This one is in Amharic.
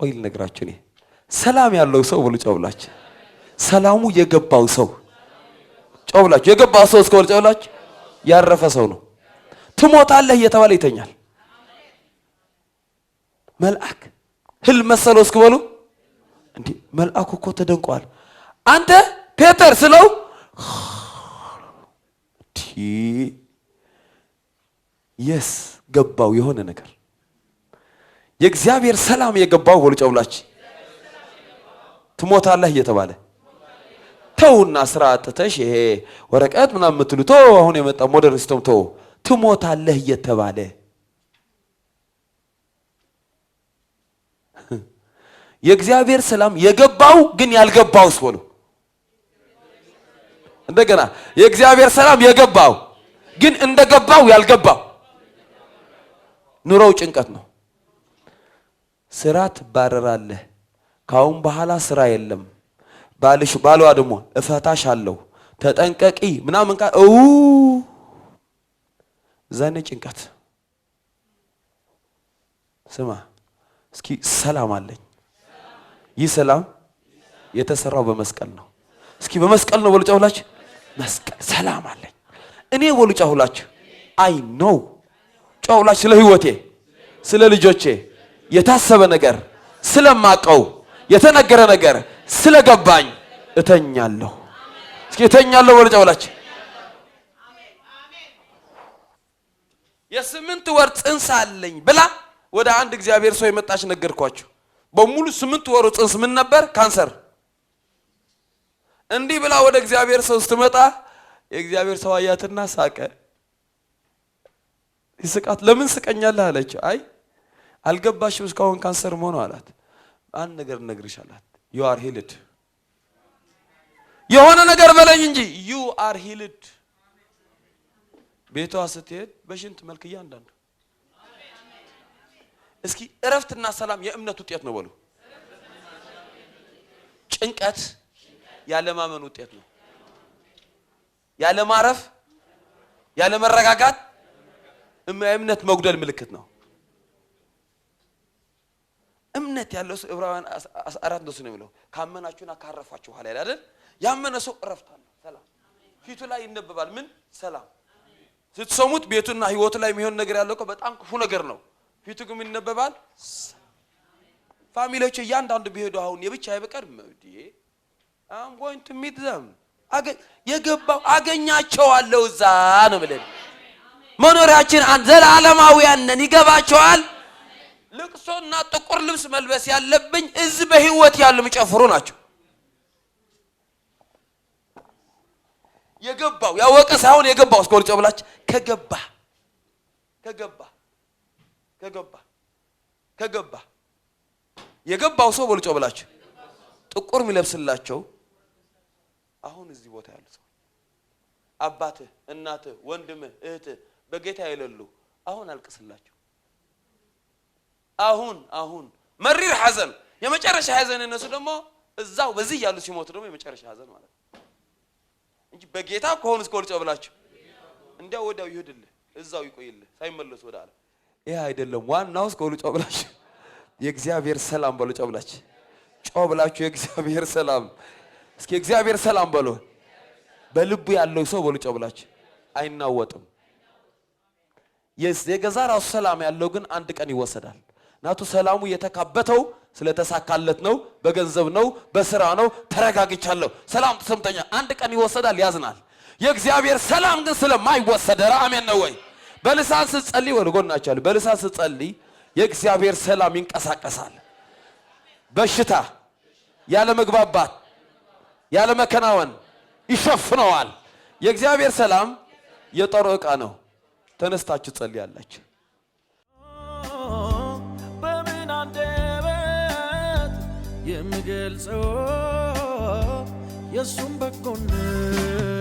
ቆይ ልነግራችሁ። እኔ ሰላም ያለው ሰው ብሉ ጨውላችሁ ሰላሙ የገባው ሰው ጨውላችሁ የገባው ሰው እስከ ብሉ ጨውላችሁ ያረፈ ሰው ነው። ትሞታለህ እየተባለ ይተኛል። መልአክ ህል መሰለው እስክበሉ እንዲ መልአኩ እኮ ተደንቋል። አንተ ፔተር ስለው ቲ የስ ገባው የሆነ ነገር የእግዚአብሔር ሰላም የገባው ወልጨውላች ትሞታለህ እየተባለ ተውና ስራ አጥተሽ ይሄ ወረቀት ምናምን የምትሉ ቶ አሁን የመጣ ሞደርን ሲስተም ቶ ትሞታለህ እየተባለ የእግዚአብሔር ሰላም የገባው ግን ያልገባውስ በሉ እንደገና የእግዚአብሔር ሰላም የገባው ግን እንደገባው ያልገባው ኑሮው ጭንቀት ነው። ስራ ትባረራለህ። ካሁን በኋላ ስራ የለም። ባልሽ ባሏ ደግሞ እፈታሽ አለው ተጠንቀቂ ምናምን ቃል እው ዘነ ጭንቀት ስማ እስኪ ሰላም አለኝ። ይህ ሰላም የተሰራው በመስቀል ነው። እስኪ በመስቀል ነው በሉጫ ሁላችሁ መስቀል ሰላም አለኝ። እኔ በሉጫ ሁላችሁ አይ ነው ጫ ስለ ህይወቴ ስለ ልጆቼ የታሰበ ነገር ስለማቀው የተነገረ ነገር ስለገባኝ እተኛለሁ። እስኪ እተኛለሁ ወልጫ ብላችሁ የስምንት ወር ጽንስ አለኝ ብላ ወደ አንድ እግዚአብሔር ሰው የመጣች ነገርኳችሁ። በሙሉ ስምንት ወሩ ጽንስ ምን ነበር? ካንሰር። እንዲህ ብላ ወደ እግዚአብሔር ሰው ስትመጣ የእግዚአብሔር ሰው አያትና ሳቀ። ይስቃት። ለምን ስቀኛለህ አለችው። አይ አልገባሽም እስካሁን ካንሰር መሆኑ አላት። አንድ ነገር እነግርሽ አላት። ዩ አር ሂልድ የሆነ ነገር በለኝ እንጂ ዩ አር ሂልድ። ቤቷ ስትሄድ በሽንት መልክ እያንዳንዱ እስኪ እረፍትና ሰላም የእምነት ውጤት ነው በሉ። ጭንቀት ያለማመን ውጤት ነው። ያለማረፍ ያለመረጋጋት የእምነት መጉደል ምልክት ነው። እምነት ያለው ሰው ዕብራውያን አራት እንደሱ ነው የሚለው ካመናችሁና ካረፋችሁ በኋላ ይላል አይደል? ያመነ ሰው እረፍት ሰላም ፊቱ ላይ ይነበባል። ምን ሰላም ስትሰሙት ቤቱና ህይወቱ ላይ የሚሆን ነገር ያለው በጣም ክፉ ነገር ነው። ፊቱ ግን ይነበባል። ፋሚሊዎች እያንዳንዱ ቢሄዱ አሁን የብቻ አይበቀር መብዲ አም ጎይን ቱ ሚት ዘም የገባው አገኛቸዋለሁ እዛ ነው ብለን መኖሪያችን ዘላለማውያን ነን። ይገባቸዋል ልቅሶና ጥቁር ልብስ መልበስ ያለብኝ እዚህ በህይወት ያሉ የሚጨፍሩ ናቸው። የገባው ያወቀ ሳይሆን የገባው እስከ ወልጮ ብላች ከገባ ከገባ ከገባ ከገባ የገባው ሰው ወልጮ ብላችሁ ጥቁር የሚለብስላቸው አሁን እዚህ ቦታ ያሉ ሰው አባትህ፣ እናትህ፣ ወንድምህ፣ እህትህ በጌታ የሌሉ አሁን አልቅስላቸው። አሁን አሁን መሪር ሐዘን የመጨረሻ ሐዘን እነሱ ደግሞ እዛው በዚህ ያሉ ሲሞቱ ደግሞ የመጨረሻ ሐዘን ማለት ነው እንጂ በጌታ ከሆኑ እስከ ልጮ ብላችሁ እንዲያው ወዲያው ይሄድልህ እዛው ይቆይልህ ሳይመለሱ ወደ አለ ይህ አይደለም ዋናው እስከ ልጮ ብላችሁ የእግዚአብሔር ሰላም በሉ ጮ ብላችሁ ጮ ብላችሁ የእግዚአብሔር ሰላም እስኪ እግዚአብሔር ሰላም በሉ በልቡ ያለው ሰው በሉ ጮ ብላችሁ አይናወጥም የገዛ ራሱ ሰላም ያለው ግን አንድ ቀን ይወሰዳል ናቱ ሰላሙ የተካበተው ስለተሳካለት ነው። በገንዘብ ነው፣ በስራ ነው። ተረጋግቻለሁ። ሰላም ተሰምተኛ። አንድ ቀን ይወሰዳል፣ ያዝናል። የእግዚአብሔር ሰላም ግን ስለማይወሰድ አሜን ነው ወይ? በልሳን ስትጸልይ ወልጎናቸዋል። በልሳን ስትጸልይ የእግዚአብሔር ሰላም ይንቀሳቀሳል። በሽታ ያለ መግባባት ያለ መከናወን ይሸፍነዋል። የእግዚአብሔር ሰላም የጦር ዕቃ ነው። ተነስታችሁ ጸልያላችሁ። የምገልጸው የእሱም በጎነት